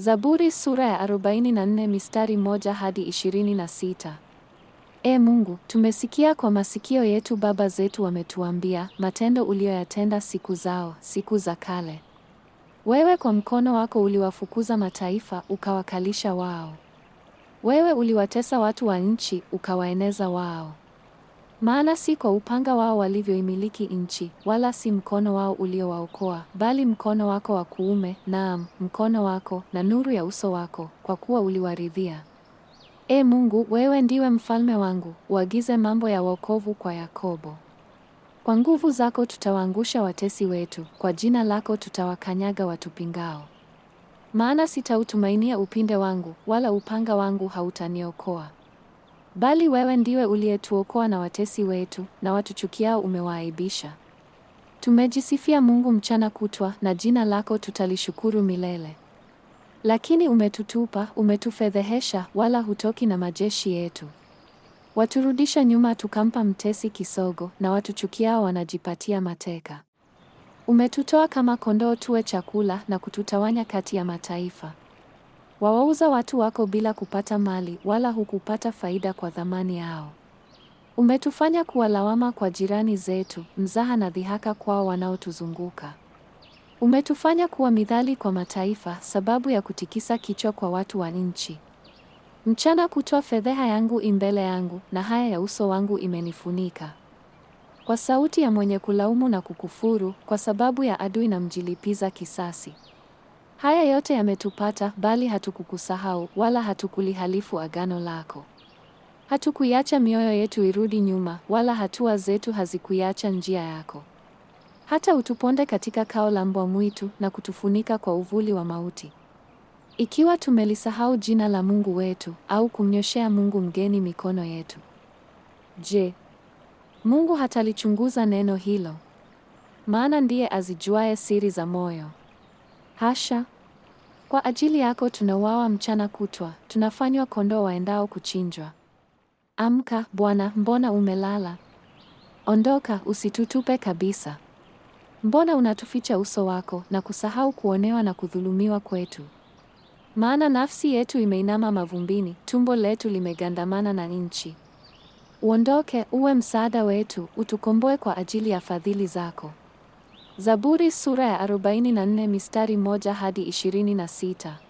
Zaburi sura ya 44 mistari moja hadi 26. E Mungu, tumesikia kwa masikio yetu, baba zetu wametuambia matendo uliyoyatenda siku zao, siku za kale. Wewe kwa mkono wako uliwafukuza mataifa, ukawakalisha wao. Wewe uliwatesa watu wa nchi, ukawaeneza wao. Maana si kwa upanga wao walivyoimiliki nchi, wala si mkono wao uliowaokoa, bali mkono wako wa kuume, naam, mkono wako na nuru ya uso wako, kwa kuwa uliwaridhia. E Mungu, wewe ndiwe mfalme wangu, uagize mambo ya wokovu kwa Yakobo. Kwa nguvu zako tutawaangusha watesi wetu, kwa jina lako tutawakanyaga watupingao. Maana sitautumainia upinde wangu, wala upanga wangu hautaniokoa bali wewe ndiwe uliyetuokoa na watesi wetu, na watuchukiao umewaaibisha. Tumejisifia Mungu mchana kutwa, na jina lako tutalishukuru milele. Lakini umetutupa, umetufedhehesha, wala hutoki na majeshi yetu. Waturudisha nyuma, tukampa mtesi kisogo, na watuchukiao wanajipatia mateka. Umetutoa kama kondoo tuwe chakula, na kututawanya kati ya mataifa. Wawauza watu wako bila kupata mali wala hukupata faida kwa dhamani yao. Umetufanya kuwalawama kwa jirani zetu, mzaha na dhihaka kwao wanaotuzunguka. Umetufanya kuwa midhali kwa mataifa, sababu ya kutikisa kichwa kwa watu wa nchi. Mchana kutwa fedheha yangu imbele yangu, na haya ya uso wangu imenifunika. Kwa sauti ya mwenye kulaumu na kukufuru, kwa sababu ya adui na mjilipiza kisasi. Haya yote yametupata, bali hatukukusahau wala hatukulihalifu agano lako. Hatukuiacha mioyo yetu irudi nyuma, wala hatua zetu hazikuiacha njia yako. Hata utuponde katika kao la mbwa mwitu na kutufunika kwa uvuli wa mauti. Ikiwa tumelisahau jina la Mungu wetu au kumnyoshea Mungu mgeni mikono yetu, je, Mungu hatalichunguza neno hilo? Maana ndiye azijuaye siri za moyo. Hasha! Kwa ajili yako tunauawa mchana kutwa, tunafanywa kondoo waendao kuchinjwa. Amka Bwana, mbona umelala? Ondoka, usitutupe kabisa. Mbona unatuficha uso wako na kusahau kuonewa na kudhulumiwa kwetu? Maana nafsi yetu imeinama mavumbini, tumbo letu limegandamana na nchi. Uondoke, uwe msaada wetu, utukomboe kwa ajili ya fadhili zako. Zaburi sura ya 44 mistari 1 hadi 26.